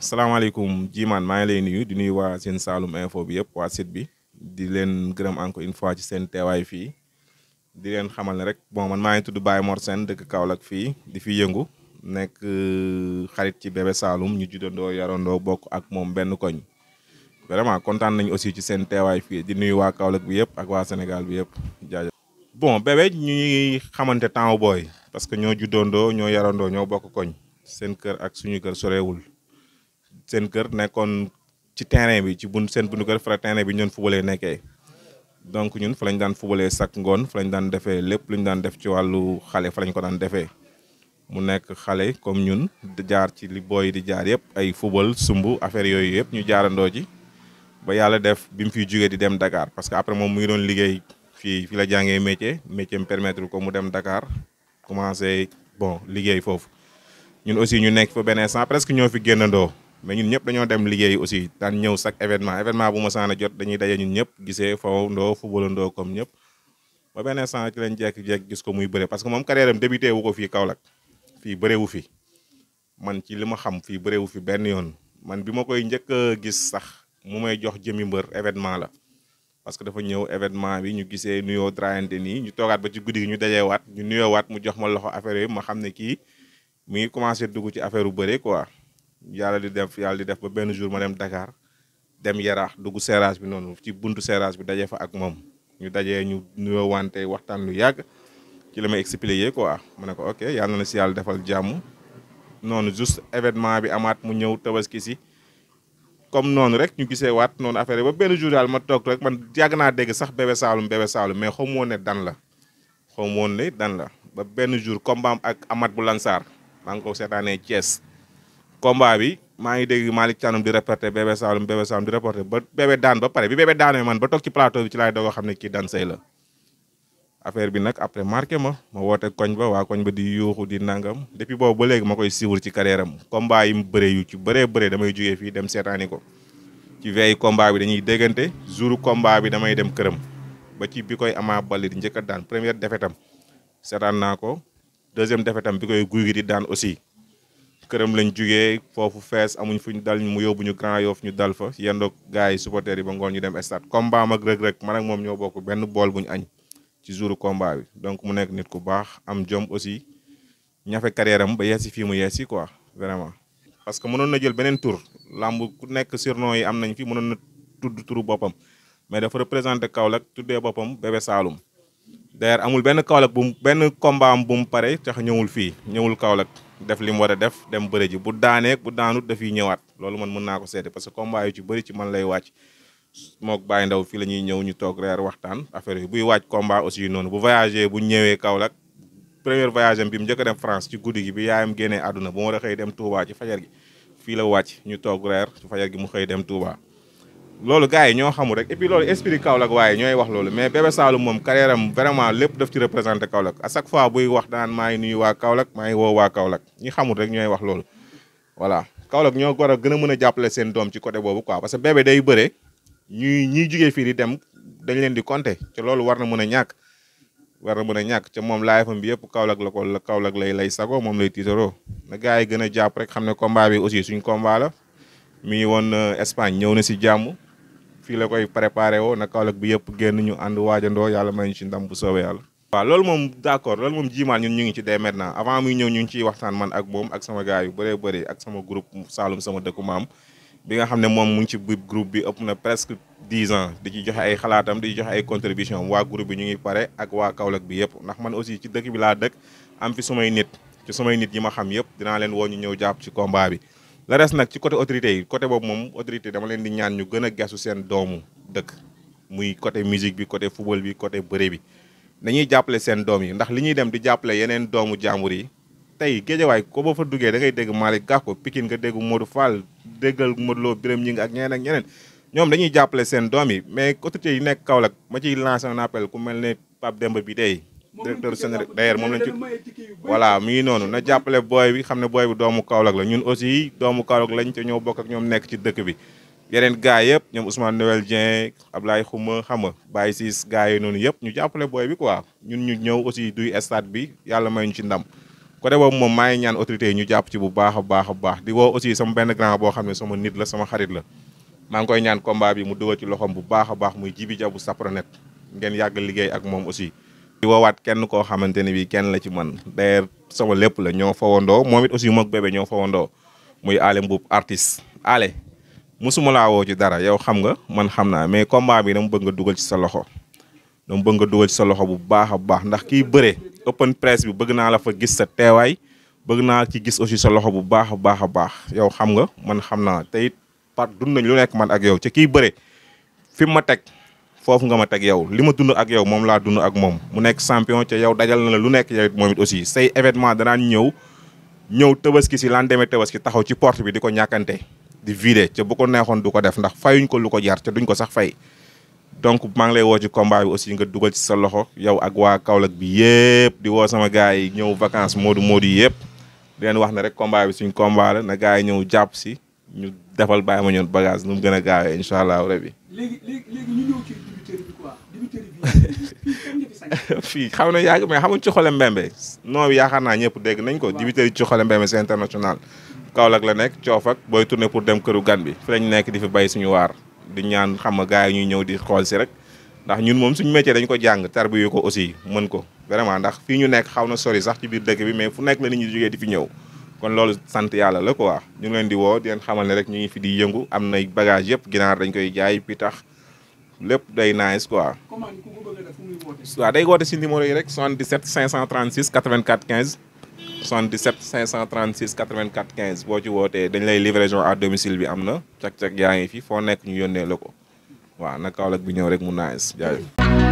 salaamaaleykum Jiman ma ngi lay nuyu di nuyu wa sen salum info bi yep wa site bi di len gërem encore une fois ci sen teewaay fi di len xamal rek bon man ma ngi tuddu Baye Mor sen deuk kaolak fi di fi yëngu Nek euh, xarit ci bébé salum ñu juddandoo yarondo bok ak mom benn koñ vraiment kontaan nañ aussi ci sen teewaay fi di nuyu wa kaolak bi yep ak wa senegal bi yep jaja bon bébé ñu xamanté temps boy parce que ño juddandoo ño yarondo ño bok koñ sen kër ak suñu kër sorewul seen kër nekkoon ci terrain bi ci bun seen bundu kër fa terrain bi ñoon fubalee nekkee donc ñun fa lañ daan fubalee sak ngoon fa lañ daan defee lépp lu ñu daan def ci wàllu xale fa lañ ko daan defee mu nekk xale comme ñun jaar ci li booy di jaar yëpp ay fubal sumbu affaire yooyu yëpp ñu jaarandoo ji ba yàlla def bi mu fiy jugee di dem Dakar parce que après moom mu ngi doon liggéey fii fi la jàngee métier métier mu permettre ko mu dem Dakar commencé bon liggéey foofu ñun aussi ñu nekk fa benn instant presque ñoo fi génnandoo mais ñun ñëpp dañoo dem liggéey aussi daan ñëw chaque événement événement bu ma saan a jot dañuy daje ñun ñëpp gisee faw ndoo footballandoo comme ñëpp ba benn instant ci lañ jekk gis ko muy bëre parce que moom carrière am débuté wu ko fii Kaolack fii bëre wu man ci li ma xam fii bëre wu fi benn yoon man bi ma koy njëkk a gis sax mu may jox jëmmi mbër événement la parce que dafa ñëw événement bi ñu gisee nuyoo draayante nii ñu toogaat ba ci guddi gi ñu dajeewaat ñu nuyoowaat mu jox ma loxo affaire yi ma xam ne kii mi ngi commencé dugg ci affaire bu bëre quoi yàlla di def yàlla di def ba benn jour ma dem Dakar dem yaraax dugg seeraas bi noonu ci buntu seeraas bi daje fa ak moom ñu dajee ñu nuyoo wante waxtaan lu yàgg ci la may expliquer quoi ma ne ko ok yàlla na si yàlla defal jàmm noonu juste événement bi amaat mu ñëw tabaski si comme noonu rek ñu gisee waat noonu affaire ba benn jour daal ma toog rek man yàgg naa dégg sax bébé Saalum bébé Saalum mais xamu woon ne dan la xamu woon ne dan la ba benn jour comme am ak Amat bu Lansar maa ngi ko seetaanee Thiès combat bi maa ngi dégg Malick Thiandoum di reporté Bébé Saloum Bébé Saloum di reporté ba Bébé daan ba pare bi Bébé daanee man ba toog ci plateau bi ci laay doog xam ne kii daan la. affaire bi nag après marqué ma ma woote koñ ba waa koñ ba di yuuxu di nangam depuis boobu ba léegi ma koy siiwul ci carrière am combat yi mu bëree yu ci bëree bëree damay jógee fii dem seetaani ko. ci veille combat bi dañuy déggante jouru combat bi damay dem këram ba ci bi koy Ama Baldé di daan première défaite am seetaan naa ko deuxième défaite bi koy Gouye Gui di daan aussi. këram lañ jugee foofu fees amuñ fu ñu dal mu yóbbu ñu Grand fu ñu dal fa yendoog gars yi supporters yi ba ngoon ñu dem stade combat am ak Reug Reug man ak moom ñoo bokk benn bool bu ñu añ ci jouru combat bi donc mu nekk nit ku baax am jom aussi ñafe carrière am ba yeesi fii mu yeesi quoi vraiment. parce que mënoon na jël beneen tour làmb ku nekk surnom yi am nañ fi mënoon na tudd turu boppam mais dafa représenté Kaolack tuddee boppam Bébé Saloum d'ailleurs amul benn Kaolack bu benn combat bu mu pare tax ñëwul fii ñëwul Kaolack. def li mu war a def dem bëre ji bu daanee bu daanut yi ñëwaat loolu man mën naa ko seede parce que combat yu ci bëri ci man lay wàcc mook Baye Ndaw fii la ñuy ñëw ñu toog reer waxtaan affaire yi buy wàcc combat aussi noonu bu voyagé bu ñëwee Kaolack première voyage am bi mu njëkk dem France ci guddi gi bi yaayam génnee àdduna bu ma war xëy dem Touba ci fajar gi fii la wàcc ñu toog reer ci fajar gi mu xëy dem Touba loolu gars yi ñoo xamul rek et puis loolu esprit Kaolack waaye ñooy wax loolu mais Bébé Saloum moom carrière am vraiment lépp daf ci représenté Kaolack à chaque fois buy wax daan maa ngi nuyu waa Kaolack maa ngi woo waa Kaolack ñi xamul rek ñooy wax loolu voilà Kaolack ñoo war a gën a mën a jàppale seen doom ci côté boobu quoi parce que bébé day bëre ñuy jigée jugee fii di dem dañu leen di compter te loolu war na mën a ñàkk war na mën a ñàkk te moom laay fam bi yëpp Kaolack la ko la Kaolack lay lay sago moom lay tiitaroo na gars yi gën jàpp rek xam ne combat bi aussi suñ combat mi ngi woon euh, Espagne ñëw na si jàmm fii la koy préparé woo na Kaolack bi yëpp génn ñu ànd waajandoo yàlla may ñu ci ndam bu soobee yàlla waaw loolu moom d'accord loolu moom jiimaan ñun ñu ngi ci dee maintenant avant muy ñëw ñu ngi ciy waxtaan man ak moom ak sama gars yu bëree bëri ak sama groupe Saalum sama dëkku maam bi nga xam ne moom mu ngi ci biir groupe bi ëpp na presque dix ans di ci joxe ay xalaatam di joxe ay contribution waa group bi ñu ngi pare ak waa Kaolack bi yëpp ndax man aussi ci dëkk bi laa dëkk am fi sumay nit ci sumay nit yi ma xam yëpp dinaa leen woo ñu ñëw jàpp ci kombaa bi la res nag ci côté autorité yi côté boobu moom autorité dama leen di ñaan ñu gën a gesu seen doomu dëkk muy côté musique bi côté football bi côté bëre bi dañuy jàppale seen doom yi ndax li ñuy dem di jàppale yeneen doomu jàmbur yi tey géejawaay ko boo fa duggee da ngay dégg Malick ko Pikine nga dégg Modou Fall déggal Modou Lo Birame Ngingue ak ñeneen ak ñeneen ñoom dañuy jàppale seen doom yi mais autorité yi nekk Kaolack ma ci lancer un appel ku mel ne Pape Demba bi tey directeur général d'ailleurs moom lañ ci voilà mi ngi noonu na jàppale booy bi xam ne booy bi doomu Kaolack la ñun aussi doomu Kaolack lañ te ñoo bokk ak ñoom nekk ci dëkk bi yeneen gars yëpp ñoom Ousmane Noël Dieng Ablaye Xuma xam nga Baye Ciss gars yi noonu yëpp ñu jàppale booy bi quoi ñun ñu ñëw aussi duy stade bi yàlla may ñu ci ndam côté boobu moom maa ngi ñaan autorité yi ñu jàpp ci bu baax a baax a baax di woo aussi sama benn grand boo xam ne sama nit la sama xarit la maa ngi koy ñaan combat bi mu dugal ci loxoom bu baax a baax muy jibi jabu sapronet ngeen yàgg liggéey ak moom aussi di woowaat kenn koo xamante ne bii kenn la ci man d'ailleurs sama lépp la ñoo fawandoo moom it aussi moog bébé ñoo fawandoo muy Alé Mboup artiste Alé mosuma laa woo ci dara yow xam nga man xam naa mais combat bi dama bëgg nga dugal ci sa loxo dama bëgg nga dugal ci sa loxo bu baax a baax ndax kiy bëre open press bi bëgg naa la fa gis sa teewaay bëgg naa ci gis aussi sa loxo bu baax a baax a baax yow xam nga man xam naa te it par dund nañ lu nekk man ak yow ci kiy bëre fim ma teg foofu nga ma teg yow li ma dund ak yow moom laa dund ak moom mu nekk champion ce yow dajal na la lu nekk yow it moom it aussi say événement danaan ñëw ñëw tabaski si lan demee tabaski taxaw ci porte bi di ko ñàkkante di vidé ca bu ko neexoon du ko def ndax fayuñ ko lu ko jar ca duñ ko sax fay donc maa ngi lay woo ci combat bi aussi nga dugal ci sa loxo yow ak waa Kaolack bi yëpp di woo sama gars yi ñëw vacances moodu moodu yëpp di leen wax ne rek combat bi suñ combat na gars yi ñëw jàpp si ñu defal bàyyi ma ñoon bagage nu mu gën a gaawee incha allah rabi. bi quoi débiteur na yàgg mais xamuñ ci xole mbembe non bi yaakaar naa ñëpp dégg nañ ko débiteur ci xole mbembe c'est international Kaolack la nekk coofak ak booy tourné pour dem këru gan bi fi lañ nekk di fi bay suñu waar di ñaan xam nga gars yi ñuy ñëw di xool si rek ndax ñun moom suñu métier dañ ko jàng tarbiyu ko aussi mën ko vraiment ndax fi ñu nekk xaw na sori sax ci biir dëkk bi mais fu nekk la nit ñu jógee di fi ñëw kon loolu sant yàlla la waa ñu ngi leen di woo di leen xamal ne rek ñu ngi fi di yëngu am na bagage yëpp ginaar dañ koy jaay tax lépp day nice quoi. commande ku ko bëgg a def fu muy wootee. waaw day woote si numéro yi rek 77 536 84 15 77 536 84 15 boo ci wootee dañ lay livraison à domicile bi am na cak cak yaa ngi fi foo nekk ñu yónnee la ko waaw na Kaolack bi ñëw rek mu nice jaay